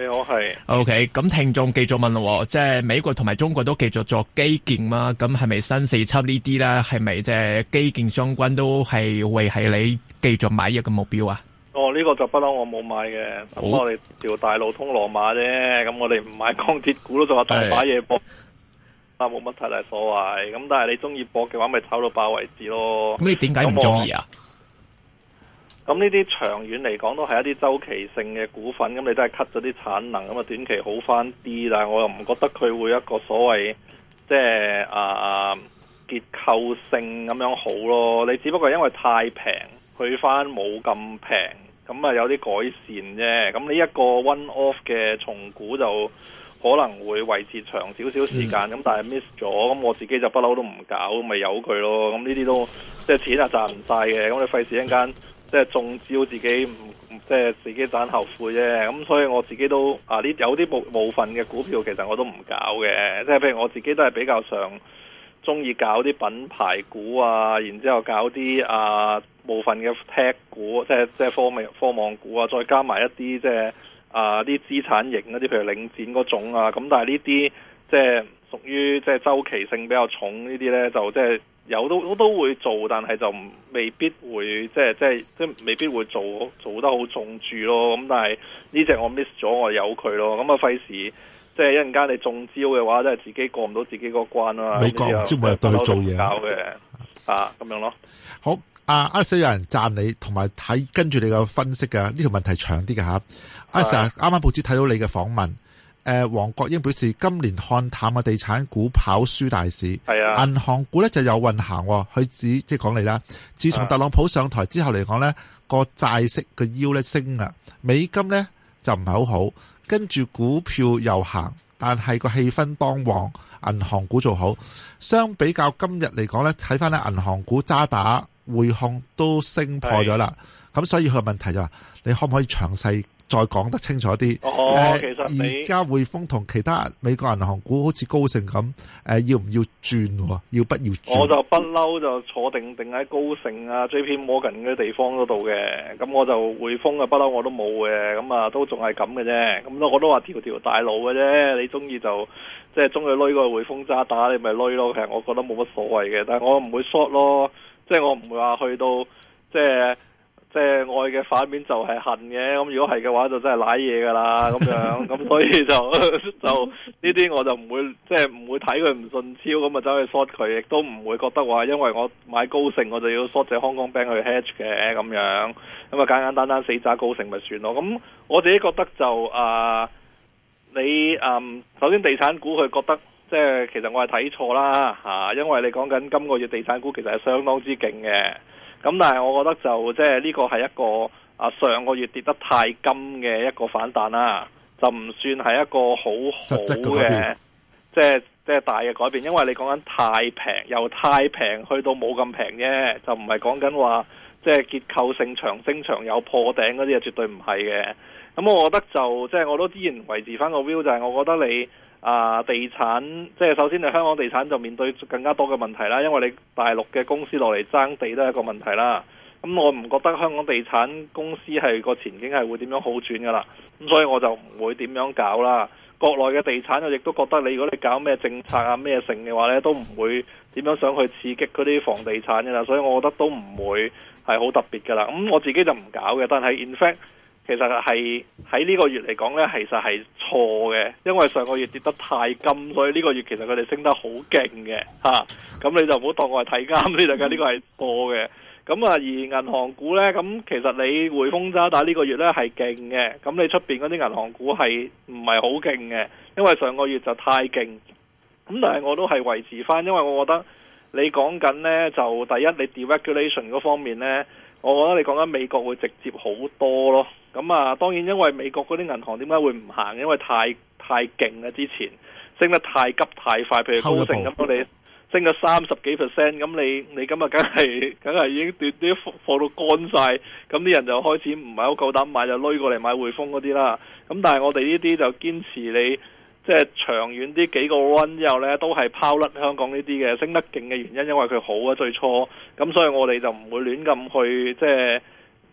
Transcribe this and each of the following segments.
你好係，OK。咁聽眾繼續問咯，即係美國同埋中國都繼續做基建嘛？咁係咪新四輯呢啲咧？係咪即係基建相關都係會係你繼續買入嘅目標啊？哦，呢、這個就不嬲，哦、我冇買嘅，我哋條大路通羅馬啫。咁我哋唔買鋼鐵股都仲有是大把嘢搏，但冇乜太大所謂。咁但係你中意搏嘅話，咪炒到爆為止咯。咁你點解唔中意啊？咁呢啲長遠嚟講都係一啲周期性嘅股份，咁你都係 cut 咗啲產能，咁啊短期好翻啲啦。但我又唔覺得佢會一個所謂即係啊結構性咁樣好咯。你只不過因為太平，佢翻冇咁平，咁啊有啲改善啫。咁呢一個 one off 嘅重估就可能會維持長少少時間，咁、嗯、但係 miss 咗，咁我自己就不嬲都唔搞，咪由佢咯。咁呢啲都即係錢啊賺唔晒嘅，咁你費事一間。即係中招自己唔即係自己盞後悔啫。咁所以我自己都啊，呢有啲部部分嘅股票其實我都唔搞嘅。即係譬如我自己都係比較常中意搞啲品牌股啊，然之後搞啲啊部分嘅 tech 股，即係即係科科網股啊，再加埋一啲即係啊啲資產型嗰啲，譬如領展嗰種啊。咁但係呢啲即係屬於即係周期性比較重呢啲呢，就即係。有都都都會做，但係就未必會即係即係即係未必會做做得好重注咯。咁但係呢隻我 miss 咗，我有佢咯。咁啊費事即係一陣間你中招嘅話，都係自己過唔到自己嗰關啦。美國唔知會唔會對佢做嘢搞啊，咁、嗯、樣咯。好，啊、阿阿 Sir 有人讚你，同埋睇跟住你嘅分析，嘅呢條問題長啲嘅嚇。啊、的阿 Sir 啱啱報紙睇到你嘅訪問。誒，黃、呃、國英表示，今年看淡嘅地產股跑輸大市，啊、銀行股咧就有運行、哦。佢指即係講嚟啦，自從特朗普上台之後嚟講呢個債息嘅 yield 咧升啦，美金呢就唔係好好，跟住股票又行，但係個氣氛當旺，銀行股做好。相比較今日嚟講呢睇翻咧銀行股渣打匯控都升破咗啦，咁是所以佢個問題就話、是，你可唔可以詳細？再講得清楚啲。哦呃、其實誒，而家匯豐同其他美國銀行股好似高盛咁，誒、呃，要唔要轉、啊？要不要轉？我就不嬲就坐定定喺高盛啊、JPMorgan 嗰啲地方嗰度嘅。咁我就匯豐啊，不嬲我都冇嘅。咁啊，都仲係咁嘅啫。咁我都話條條大路嘅啫。你中意就即係中意擂個匯豐渣打，你咪擂咯。其實我覺得冇乜所謂嘅。但係我唔會 short 咯，即、就、係、是、我唔會話去到即係。就是即係愛嘅反面就係恨嘅。咁如果係嘅話就真係舐嘢噶啦，咁樣，咁所以就就呢啲我就唔會即係唔會睇佢唔順超咁啊走去 short 佢，亦都唔會覺得話因為我買高盛我就要 short 隻 Hong Kong Bank 去 hedge 嘅咁樣，咁啊簡簡單單單死揸高盛咪算咯。咁我自己覺得就啊、呃，你嗯首先地產股佢覺得即係其實我係睇錯啦吓，因為你講緊今個月地產股其實係相當之勁嘅。咁但係我覺得就即係呢個係一個啊上個月跌得太甘嘅一個反彈啦，啊，就唔算係一個好好嘅，即係即係大嘅改變。因為你講緊太平，由太平去到冇咁平啫，就唔係講緊話即係結構性長升長有破頂嗰啲啊，絕對唔係嘅。咁、嗯、我覺得就即係、就是、我都依然維持翻個 view，就係、是、我覺得你。啊，地產即係首先你香港地產就面對更加多嘅問題啦，因為你大陸嘅公司落嚟爭地都係一個問題啦。咁、嗯、我唔覺得香港地產公司係個前景係會點樣好轉噶啦，咁、嗯、所以我就唔會點樣搞啦。國內嘅地產我亦都覺得你如果你搞咩政策啊咩性嘅話呢，都唔會點樣想去刺激嗰啲房地產噶啦，所以我覺得都唔會係好特別噶啦。咁、嗯、我自己就唔搞嘅，但係 in fact。其實係喺呢個月嚟講呢，其實係錯嘅，因為上個月跌得太金，所以呢個月其實佢哋升得好勁嘅吓。咁、啊、你就唔好當我係睇啱呢度嘅，呢個係錯嘅。咁啊，而銀行股呢，咁其實你匯豐渣打呢個月呢係勁嘅，咁你出邊嗰啲銀行股係唔係好勁嘅，因為上個月就太勁。咁但係我都係維持翻，因為我覺得你講緊呢就第一，你 deregulation 嗰方面呢，我覺得你講緊美國會直接好多咯。咁啊，當然因為美國嗰啲銀行點解會唔行？因為太太勁啦，之前升得太急太快，譬如高盛咁，我哋升咗三十幾 percent，咁你你咁啊，梗係梗係已經跌啲貨到乾晒，咁啲人就開始唔係好夠膽買，就擂過嚟買匯豐嗰啲啦。咁但係我哋呢啲就堅持你即係、就是、長遠啲幾個 round 之後呢，都係拋甩香港呢啲嘅。升得勁嘅原因，因為佢好啊，最初咁，所以我哋就唔會亂咁去即係。就是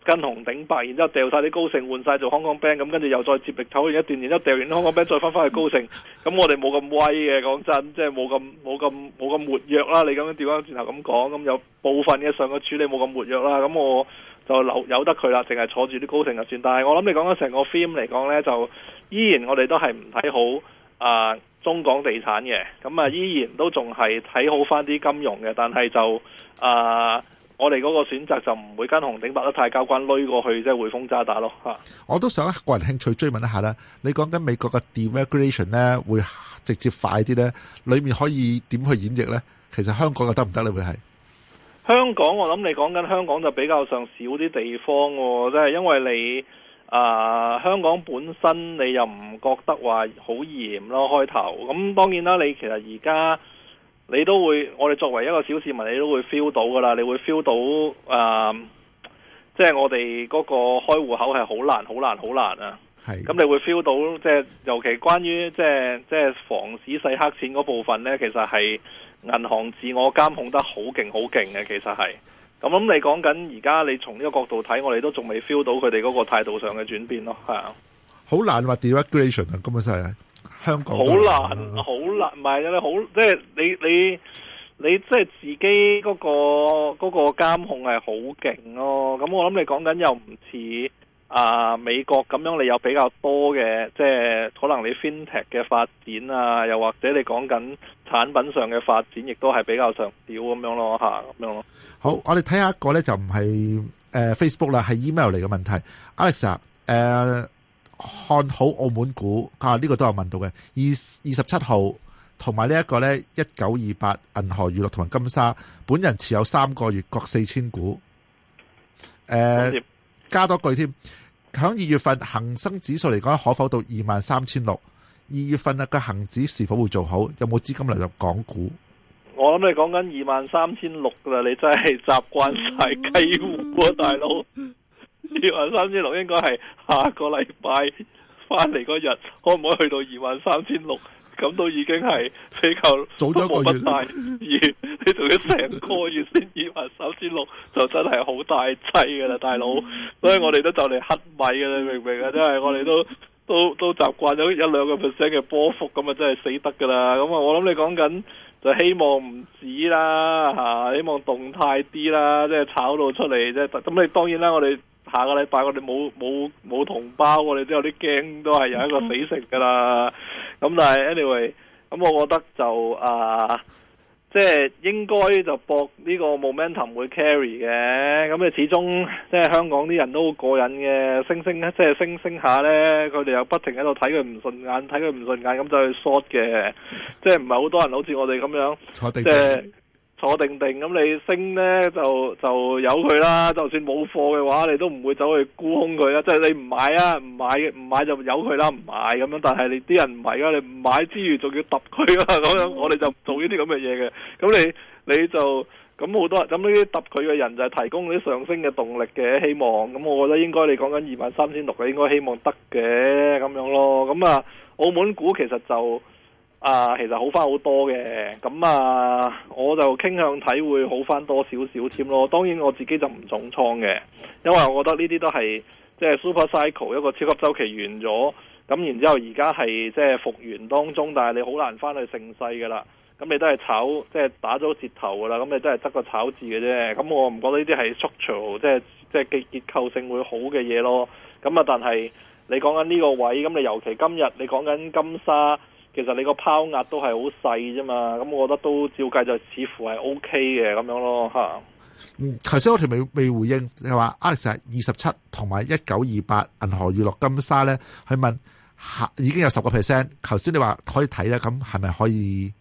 跟紅頂白，然之後掉晒啲高盛換晒做 Hong Kong Bank，咁跟住又再接力炒完一段，然之後掉完 Hong Kong Bank，再翻翻去高盛，咁我哋冇咁威嘅，講真，即係冇咁冇咁冇咁活躍啦。你咁樣調翻轉頭咁講，咁有部分嘅上個處理冇咁活躍啦。咁我就留由得佢啦，淨係坐住啲高盛就算。但係我諗你講緊成個 film 嚟講呢，就依然我哋都係唔睇好啊、呃、中港地產嘅，咁、嗯、啊依然都仲係睇好翻啲金融嘅，但係就啊。呃我哋嗰個選擇就唔會跟紅頂白得太交關，擂過去即係匯豐渣打咯嚇。我都想一個人興趣追問一下啦，你講緊美國嘅 deregulation 咧會直接快啲咧，裏面可以點去演繹咧？其實香港又得唔得咧？會係香港，我諗你講緊香港就比較上少啲地方喎，即係因為你啊、呃、香港本身你又唔覺得話好嚴咯開頭，咁當然啦，你其實而家。你都會，我哋作為一個小市民，你都會 feel 到噶啦。你會 feel 到，誒、呃，即係我哋嗰個開戶口係好難、好難、好難啊。係。咁你會 feel 到，即係尤其關於即係即係防止洗黑錢嗰部分咧，其實係銀行自我監控得好勁、好勁嘅。其實係。咁，咁你講緊而家，你從呢個角度睇，我哋都仲未 feel 到佢哋嗰個態度上嘅轉變咯。係啊。好難話 de-regulation 啊，根本上係。香港好難，好難，唔係咧，好即係你你你即係自己嗰、那個嗰、那個監控係好勁咯。咁、嗯、我諗你講緊又唔似啊美國咁樣，你有比較多嘅即係可能你 FinTech 嘅發展啊，又或者你講緊產品上嘅發展，亦都係比較上表咁樣咯，吓、啊、咁樣咯。好，我哋睇下一個咧，就唔係誒 Facebook 啦，係 email 嚟嘅問題。Alex，誒、呃。看好澳門股啊！呢、這個都有問到嘅。二二十七號同埋呢一個呢，一九二八，銀河娛樂同埋金沙，本人持有三個月，各四千股。誒、呃，像加多句添。響二月份恒生指數嚟講，可否到二萬三千六？二月份啊，個恒指是否會做好？有冇資金流入港股？我諗你講緊二萬三千六噶啦，你真係習慣晒雞糊大佬。二萬三千六應該係下個禮拜翻嚟嗰日，可唔可以去到二萬三千六？咁都已經係比較早一個月， 你仲要成個月先二萬三千六，就真係好大劑噶啦，大佬！嗯、所以我哋都就嚟乞米噶啦，你明唔明啊？即係、嗯、我哋都都都習慣咗一兩個 percent 嘅波幅，咁啊真係死得噶啦！咁啊，我諗你講緊就希望唔止啦，吓、啊，希望動態啲啦，即係、炒到出嚟，即係咁你當然啦，我哋。下個禮拜我哋冇冇冇同胞，我哋都有啲驚，都係有一個死食㗎喇。咁但係，anyway，咁我覺得就啊，即係應該就博呢個 momentum 會 carry 嘅。咁你始終即係香港啲人都好過癮嘅，升升，即係升升下呢，佢哋又不停喺度睇佢唔順眼，睇佢唔順眼咁就去 short 嘅。即係唔係好多人好似我哋咁樣，即係。即係坐定定咁，你升呢，就就由佢啦。就算冇貨嘅話，你都唔會走去沽空佢啦。即係你唔買啊，唔買唔買就由佢啦，唔買咁樣。但係你啲人唔係噶，你唔買之餘仲要揼佢啊咁樣。我哋就做呢啲咁嘅嘢嘅。咁你你就咁好多咁呢啲揼佢嘅人就係提供啲上升嘅動力嘅希望。咁我覺得應該你講緊二萬三千六，應該希望得嘅咁樣咯。咁啊，澳門股其實就。啊，其實好翻好多嘅咁、嗯、啊，我就傾向睇會好翻多少少添咯。當然我自己就唔重倉嘅，因為我覺得呢啲都係即係 super cycle 一個超級週期完咗咁、嗯，然之後而家係即係復原當中，但係你好難翻去盛世嘅啦。咁、嗯、你都係炒即係、就是、打咗折頭嘅啦，咁、嗯、你都係得個炒字嘅啫。咁、嗯、我唔覺得呢啲係 structural 即係即係結結構性會好嘅嘢咯。咁、嗯、啊，但係你講緊呢個位咁，你、嗯、尤其今日你講緊金沙。其實你個拋壓都係好細啫嘛，咁我覺得都照計就似乎係 O K 嘅咁樣咯吓。嗯，頭先我哋未未回應，你話 Alex 二十七同埋一九二八銀河娛樂金沙咧，去問吓已經有十個 percent。頭先你話可以睇咧，咁係咪可以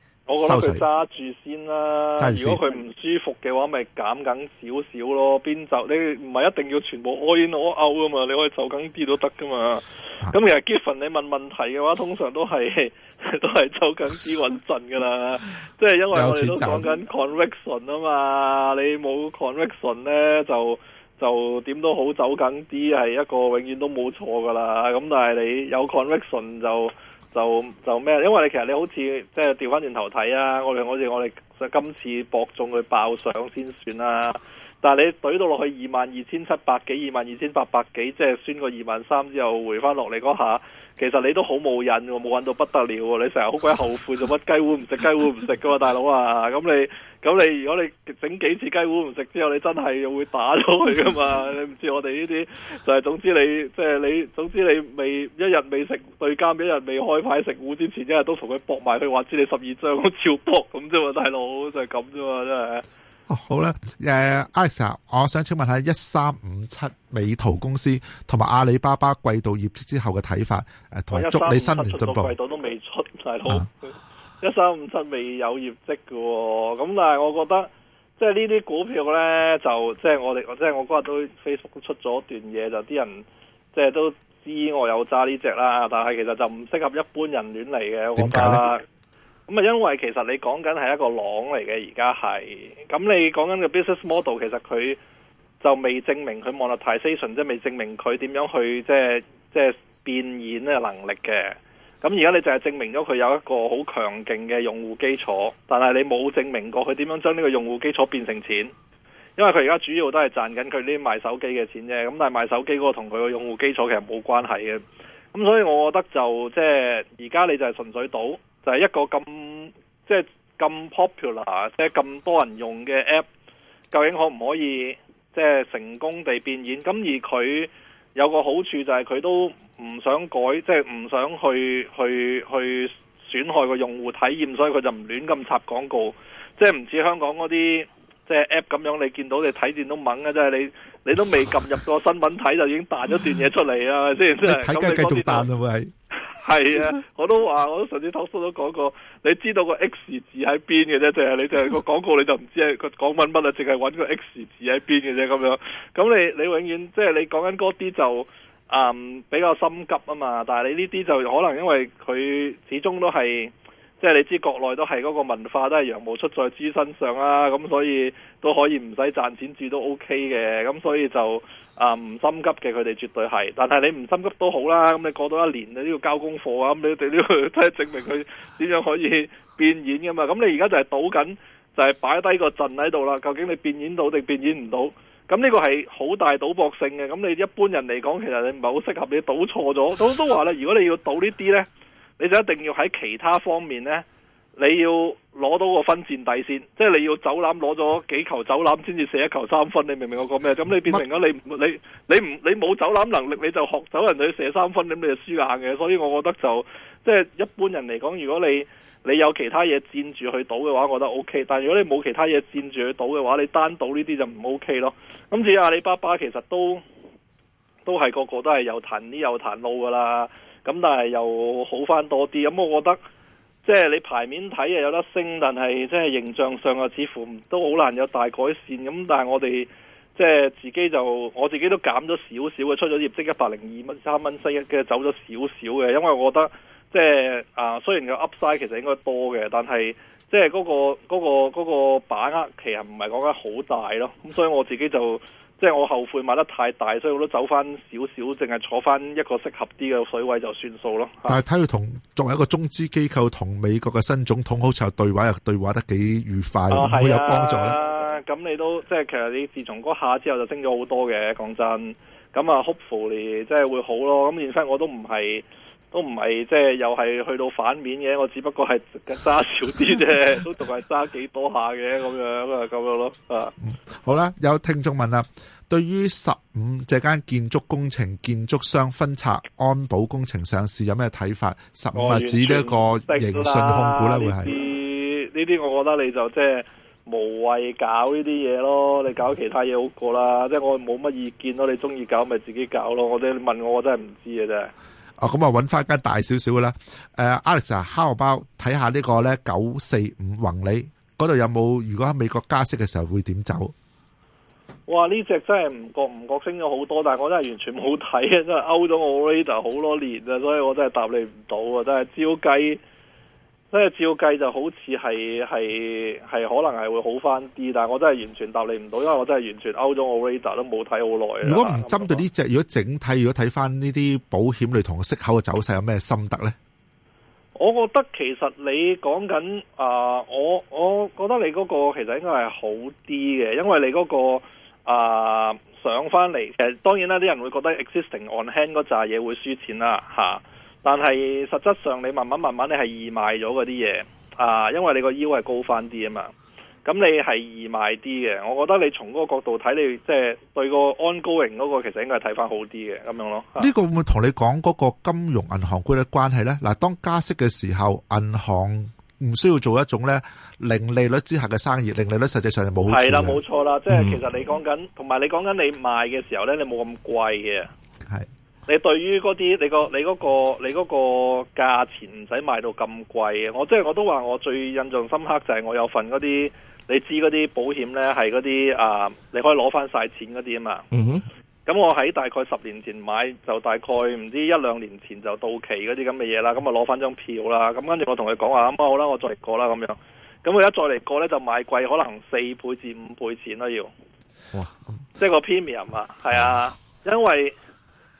收揸住先啦？著先如果佢唔舒服嘅話，咪減緊少少咯。邊就？你唔係一定要全部 all in all out 啊嘛？你可以就緊啲都得噶嘛。咁、啊、其實 Giffen 你問問題嘅話，通常都係。 都係走緊啲穩陣噶啦，即係 因為我哋都講緊 c o n v i c t i o n 啊嘛， 你冇 c o n v i c t i o n 呢，就就點都好走緊啲係一個永遠都冇錯噶啦，咁但係你有 c o n v i c t i o n 就就就咩？因為你其實你好似即係調翻轉頭睇啊，我哋好似我哋今次博中佢爆上先算啦，啊。但係你懟到落去二萬二千七百幾、二萬二千八百幾，即係穿過二萬三之後回翻落嚟嗰下，其實你都好冇癮喎，冇揾到不得了喎，你成日好鬼後悔做乜雞糊唔食雞糊唔食㗎喎，大佬啊！咁你咁你如果你整幾次雞糊唔食之後，你真係又會打咗佢㗎嘛？你唔知我哋呢啲就係、是、總之你即係、就是、你總之你未一日未食對監一日未開牌食糊之前一，一日都同佢搏埋去話知你十二張超撲咁啫嘛，大佬就係咁啫嘛，真係。好啦，誒、yeah,，Alex，a 我想請問下一三五七美圖公司同埋阿里巴巴季度業績之後嘅睇法誒，同埋祝你新年進步。一三五七季度都未出，大佬。一三五七未有業績嘅，咁但係我覺得即係呢啲股票咧，就即係、就是、我哋，即、就、係、是、我嗰日都 Facebook 出咗段嘢，就啲人即係都知我有揸呢隻啦，但係其實就唔適合一般人亂嚟嘅。點解咧？咁啊，因為其實你講緊係一個朗嚟嘅，而家係咁你講緊嘅 business model，其實佢就未證明佢 monetization，即係未證明佢點樣去即係即係變現嘅能力嘅。咁而家你就係證明咗佢有一個好強勁嘅用戶基礎，但係你冇證明過佢點樣將呢個用戶基礎變成錢，因為佢而家主要都係賺緊佢呢啲賣手機嘅錢啫。咁但係賣手機嗰個同佢嘅用戶基礎其實冇關係嘅。咁所以我覺得就即係而家你就係純粹賭。就係一個咁即係咁 popular，即係咁多人用嘅 app，究竟可唔可以即係、就是、成功地變現？咁而佢有個好處就係、是、佢都唔想改，即係唔想去去去損害個用戶體驗，所以佢就唔亂咁插廣告。即係唔似香港嗰啲即係 app 咁樣，你見到你睇見都猛嘅，即、就、係、是、你你都未撳入個新聞睇、哦、就已經彈咗段嘢出嚟啊！即係即係，咁你繼續彈啊喂。係啊，我都話，我都上次 talk show 都講過，你知道個 X 字喺邊嘅啫，就係、係你，就係、你就係個廣告，你就唔知係佢講緊乜啊，淨係搵個 X 字喺邊嘅啫咁樣。咁你你永遠即係你講緊嗰啲就，嗯，比較心急啊嘛。但係你呢啲就可能因為佢始終都係。即係你知國內都係嗰個文化都係羊毛出在豬身上啦，啊。咁所以都可以唔使賺錢住都 OK 嘅，咁所以就啊唔心急嘅佢哋絕對係，但係你唔心急都好啦，咁你過多一年你都要交功課啊，咁你哋呢個都係證明佢點樣可以變現㗎嘛，咁你而家就係賭緊就係擺低個陣喺度啦，究竟你變現到定變現唔到？咁呢個係好大賭博性嘅，咁你一般人嚟講其實你唔係好適合，你賭錯咗都都話啦，如果你要賭呢啲呢。你就一定要喺其他方面呢，你要攞到個分佔底線，即係你要走籃攞咗幾球走籃，先至射一球三分。你明唔明我講咩？咁你變成咗你麼你你唔你冇走籃能力，你就學走人哋射三分，咁你就輸硬嘅。所以我覺得就即係一般人嚟講，如果你你有其他嘢佔住去賭嘅話，我覺得 OK。但係如果你冇其他嘢佔住去賭嘅話，你單賭呢啲就唔 OK 咯。咁至於阿里巴巴其實都都係個個都係又彈呢又彈撈噶啦。有咁、嗯、但係又好翻多啲，咁、嗯、我覺得即係你牌面睇啊有得升，但係即係形象上啊似乎都好難有大改善。咁、嗯、但係我哋即係自己就我自己都減咗少少嘅，出咗業績一百零二蚊三蚊四，嘅走咗少少嘅，因為我覺得即係啊雖然個 Upside 其實應該多嘅，但係即係嗰、嗰個嗰、嗰個嗰個、把握其實唔係講緊好大咯。咁、嗯、所以我自己就。即係我後悔買得太大，所以我都走翻少少，淨係坐翻一個適合啲嘅水位就算數咯。但係睇佢同作為一個中資機構同美國嘅新總統，好似又對話又對話得幾愉快，好、哦、有幫助咧？咁、啊、你都即係其實你自從嗰下之後就升咗好多嘅，講真。咁啊，Hopefully 即係會好咯。咁而家我都唔係。都唔係即係又係去到反面嘅，我只不過係揸少啲啫，都仲係揸幾多下嘅咁樣啊，咁樣咯啊。好啦，有聽眾問啦，對於十五這間建築工程建築商分拆安保工程上市有咩睇法？十五係指呢個盈信控股咧，會係呢啲我覺得你就即係無謂搞呢啲嘢咯，你搞其他嘢好過啦。即係我冇乜意見咯，你中意搞咪自己搞咯。你問我，我真問我，我真係唔知嘅啫。哦，咁啊，揾翻一間大少少嘅啦。誒，Alex, how about，睇下呢個咧，九四五宏利嗰度有冇？如果喺美國加息嘅時候會點走？哇！呢隻真係唔覺唔覺升咗好多，但係我真係完全冇睇啊！真係勾咗我 radar 好多年啊，所以我真係答你唔到啊！真係招雞。即係照計就好似係係係可能係會好翻啲，但係我真係完全答你唔到，因為我真係完全 out 咗我 radar 都冇睇好耐。如果唔針對呢隻，如果整體如果睇翻呢啲保險類同個息口嘅走勢，有咩心得呢？我覺得其實你講緊啊、呃，我我覺得你嗰個其實應該係好啲嘅，因為你嗰、嗰個啊、呃、上翻嚟，其實當然啦，啲人會覺得 existing on hand 嗰扎嘢會輸錢啦，嚇、啊。但係實質上你慢慢慢慢你係易賣咗嗰啲嘢啊，因為你個 yield 係高翻啲啊嘛，咁你係易賣啲嘅。我覺得你從嗰個角度睇，你即係對個 ongoing 嗰個其實應該係睇翻好啲嘅，咁樣咯。呢個會唔會同你講嗰個金融銀行股嘅關係呢？嗱、啊，當加息嘅時候，銀行唔需要做一種呢零利率之下嘅生意，零利率實際上係冇係啦，冇錯啦。即係其實你講緊，同埋、嗯、你講緊你賣嘅時候呢，你冇咁貴嘅。你對於嗰啲你個你嗰、嗰個、你嗰個價錢唔使賣到咁貴嘅，我即係我都話我最印象深刻就係我有份嗰啲你知嗰啲保險呢，係嗰啲啊，你可以攞翻晒錢嗰啲啊嘛。嗯咁哼我喺大概十年前買，就大概唔知一兩年前就到期嗰啲咁嘅嘢啦，咁啊攞翻張票啦，咁跟住我同佢講話，咁、啊、好啦，我再嚟過啦咁樣，咁佢一再嚟過呢，就買貴，可能四倍至五倍錢啦要。哇即係個 premium 啊，係啊，嗯、因為。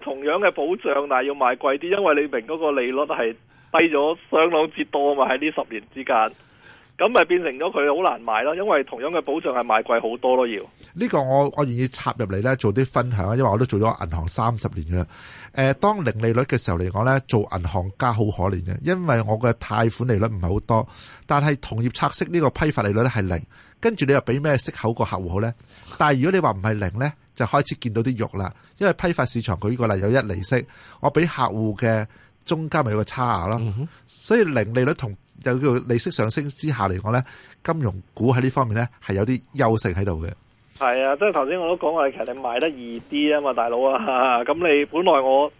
同樣嘅保障，但係要賣貴啲，因為你明嗰個利率係低咗相當之多嘛，喺呢十年之間。咁咪變成咗佢好難賣咯，因為同樣嘅保障係賣貴好多咯，要呢個我我願意插入嚟呢做啲分享，因為我都做咗銀行三十年啦。誒、呃，當零利率嘅時候嚟講呢，做銀行家好可憐嘅，因為我嘅貸款利率唔係好多，但係同業拆息呢個批發利率咧係零，跟住你又俾咩息口個客戶好呢？但係如果你話唔係零呢，就開始見到啲肉啦，因為批發市場佢呢個例有一厘息，我俾客戶嘅。中間咪有個差額咯，嗯、哼所以零利率同又叫利息上升之下嚟講咧，金融股喺呢方面咧係有啲優勢喺度嘅。係啊，即係頭先我都講話其實你賣得易啲啊嘛，大佬啊，咁你本來我。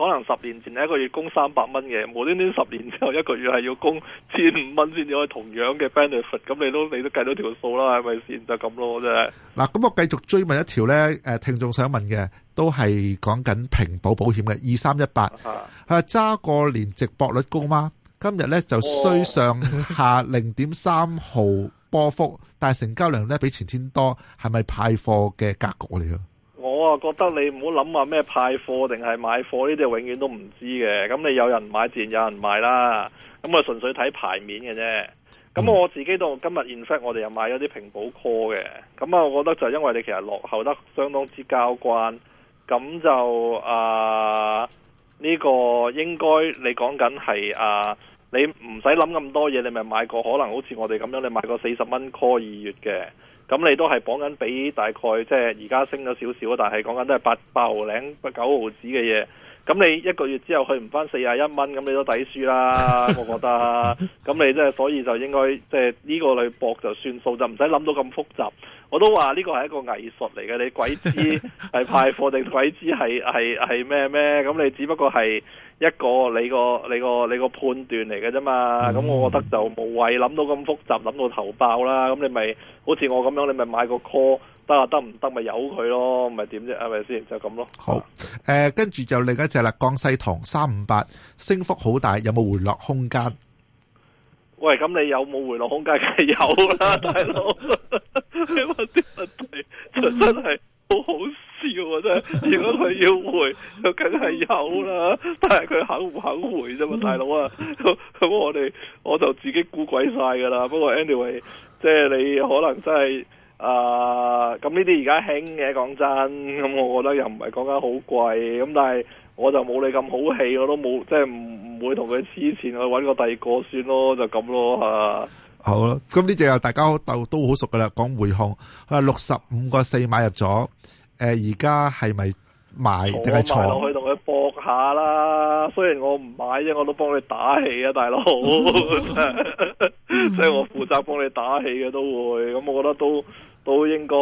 可能十年前一個月供三百蚊嘅，無端端十年之後一個月係要供千五蚊先至，可以同樣嘅 benefit，咁你都你都計到條數啦，係咪先？就咁咯，真係。嗱，啊，咁，嗯、我繼續追問一條呢。誒，聽眾想問嘅都係講緊平保保險嘅二三一八，係揸，啊啊嗯、過年值博率高嗎？今日呢就需上下零點三毫波幅，但係成交量呢比前天多，係咪派貨嘅格局嚟我啊覺得你唔好諗話咩派貨定係買貨呢啲，永遠都唔知嘅。咁你有人買自然有人賣啦。咁啊純粹睇牌面嘅啫。咁我自己到今日 in fact，我哋又買咗啲平保 call 嘅。咁啊，我覺得就因為你其實落後得相當之交關。咁就啊呢個應該你講緊係啊，你唔使諗咁多嘢，你咪買個可能好似我哋咁樣，你買個四十蚊 call 二月嘅。咁你都係綁緊比大概即係而家升咗少少，但係講緊都係八八毫零九毫紙嘅嘢。咁你一個月之後去唔翻四十一蚊，咁你都抵輸啦，我覺得。咁 你即係所以就應該即係呢個嚟搏就算數就唔使諗到咁複雜。我都話呢個係一個藝術嚟嘅，你鬼知係派貨定鬼知係係係咩咩？咁你只不過係一個你個你個你個，你個判斷嚟嘅啫嘛。咁我覺得就無謂諗到咁複雜，諗到頭爆啦。咁你咪好似我咁樣，你咪買個 call。得啊，得唔得咪由佢咯，咪點啫，係咪先？就咁咯。好，誒，跟住就另一隻啦，江西銅三五八，升幅好大，有冇回落空間？喂，咁你有冇回落空間？梗係有啦，大佬。你問啲問題就真係好好笑啊！真係，如果佢要回，就梗係有啦。但係佢肯唔肯回啫嘛，大佬啊。咁我哋我就自己估鬼晒噶啦。不過，anyway，即係你可能真係。啊，咁呢啲而家興嘅，講真，咁我覺得又唔係講緊好貴，咁但係我就冇你咁好氣，我都冇，即係唔唔會同佢黐線去揾個第二個算咯，就咁咯嚇。啊、好啦，咁呢隻又大家鬥都，都好熟噶啦，講回控，啊，六十五個四買入咗，誒而家係咪賣定係坐？落去同佢搏下啦，雖然我唔買啫，因為我都幫你打氣啊，大佬，所以我負責幫你打氣嘅都會，咁我覺得都。都應該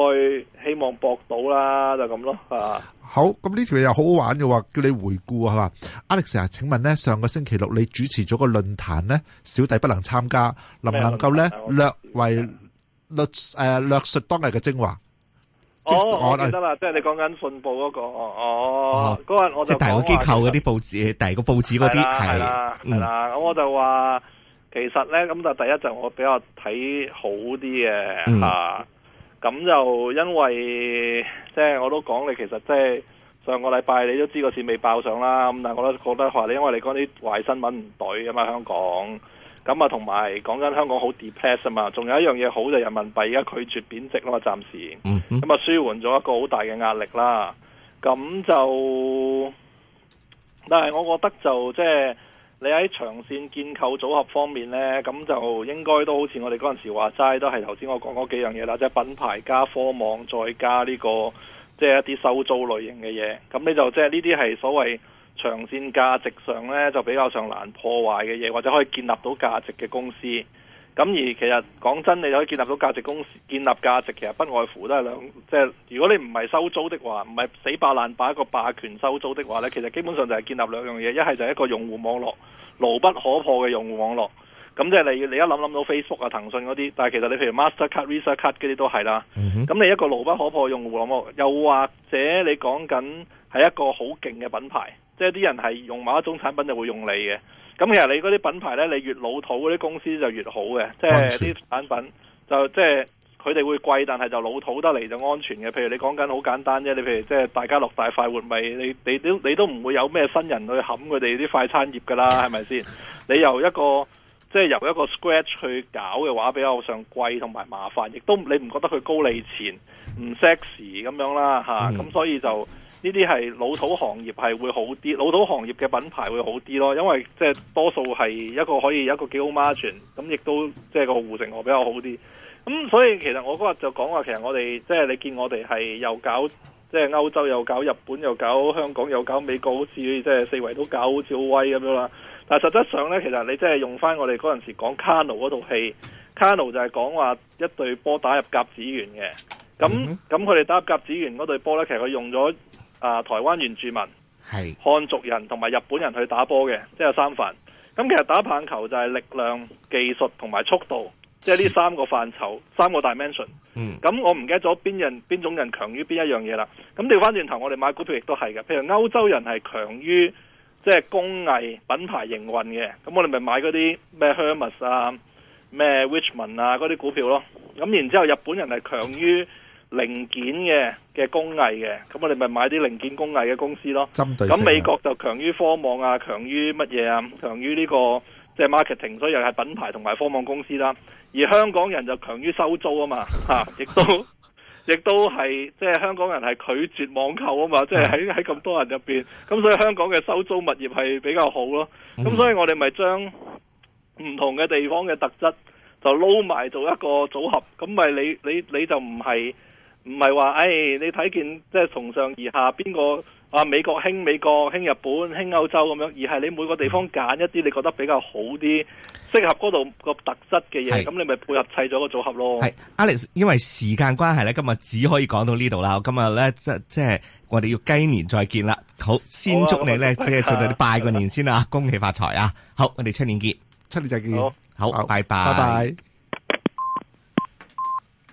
希望博到啦，就咁咯啊！好，咁呢條嘢又好好玩嘅話，叫你回顧係嘛？Alex 啊，請問咧，上個星期六你主持咗個論壇咧，小弟不能參加，能唔能夠咧略為略誒略述當日嘅精華？我記得啦，即係你講緊信報嗰個哦，哦，個我就即係大個機構嗰啲報紙，大個報紙嗰啲係啦，我我就話其實咧咁就第一就我比較睇好啲嘅啊。咁就因為即係、就是、我都講你其實即、就、係、是、上個禮拜你都知個市未爆上啦，咁但係我都覺得話你因為你講啲壞新聞唔對啊嘛香港，咁啊同埋講緊香港好 Depress 啊嘛，仲有一樣嘢好就是、人民幣而家拒絕貶值啦嘛暫時，咁啊舒緩咗一個好大嘅壓力啦，咁就但係我覺得就即係。就是你喺長線建構組合方面呢，咁就應該都好似我哋嗰陣時話齋，都係頭先我講嗰幾樣嘢啦，即係品牌加科網再加呢個，即係一啲收租類型嘅嘢。咁你就即係呢啲係所謂長線價值上呢，就比較上難破壞嘅嘢，或者可以建立到價值嘅公司。咁而其實講真，你可以建立到價值公司，建立價值其實不外乎都係兩，即係如果你唔係收租的話，唔係死霸爛霸一個霸權收租的話呢，其實基本上就係建立兩樣嘢，一係就係一個用戶網絡，牢不可破嘅用戶網絡。咁即係你你一諗諗到 Facebook 啊、騰訊嗰啲，但係其實你譬如 Mastercard、Visa card 嗰啲都係啦。咁、mm hmm. 你一個牢不可破嘅用戶網絡，又或者你講緊係一個好勁嘅品牌，即係啲人係用某一種產品就會用你嘅。咁其實你嗰啲品牌咧，你越老土嗰啲公司就越好嘅安全，即係啲產品就即係佢哋會貴，但係就老土得嚟就安全嘅。譬如你講緊好簡單啫，你譬如即係大家樂、大快活，咪你你都你都唔會有咩新人去冚佢哋啲快餐業噶啦，係咪先？ 你由一個即係由一個 scratch 去搞嘅話，比較上貴同埋麻煩，亦都你唔覺得佢高利錢唔 sexy 咁樣啦吓，咁、啊嗯、所以就。呢啲係老土行業係會好啲，老土行業嘅品牌會好啲咯，因為即係多數係一個可以一個幾好 margin，咁亦都即係個護城河比較好啲。咁、嗯、所以其實我嗰日就講話，其實我哋即係你見我哋係又搞即係、就是、歐洲，又搞日本，又搞香港，又搞美國，好似即係四圍都搞好似威咁樣啦。但係實質上呢，其實你即係用翻我哋嗰陣時講卡奴嗰套戲，卡奴就係講話一隊波打入甲子園嘅。咁咁佢哋打入甲子園嗰隊波呢，其實佢用咗。啊！台灣原住民、漢是族人同埋日本人去打波嘅，即係三份。咁其實打棒球就係力量、技術同埋速度，即係呢三個範疇、三個 dimension。咁、嗯、我唔記得咗邊人邊種人強於邊一樣嘢啦。咁調翻轉頭，我哋買股票亦都係嘅。譬如歐洲人係強於即係、就是、工藝、品牌營運嘅，咁我哋咪買嗰啲咩 Hermes 啊、咩 Richemont 啊嗰啲股票咯。咁然之後，日本人係強於。零件嘅嘅工藝嘅，咁我哋咪買啲零件工藝嘅公司咯。針對咁美國就強於科網啊，強於乜嘢啊，強於呢個即係、就是、marketing，所以又係品牌同埋科網公司啦。而香港人就強於收租啊嘛，吓、 啊，亦都亦都係即係香港人係拒絕網購啊嘛，即係喺喺咁多人入邊，咁 所以香港嘅收租物業係比較好咯。咁、嗯、所以我哋咪將唔同嘅地方嘅特質就撈埋做一個組合，咁咪你你你，你就唔係。唔係話誒，你睇見即係從上而下邊個啊，美國興，美國興日本，興歐洲咁樣，而係你每個地方揀一啲你覺得比較好啲，適合嗰度個特質嘅嘢，咁是你咪配合砌咗個組合咯。係 Alex，因為時間關係咧，今日只可以講到呢度啦。今日咧，即即係我哋要雞年再見啦。好，先祝你咧、哦、只係向你拜個年先啊，的恭喜發財啊！好，我哋出年見，出年再見，見，好，好，拜拜好，拜拜好。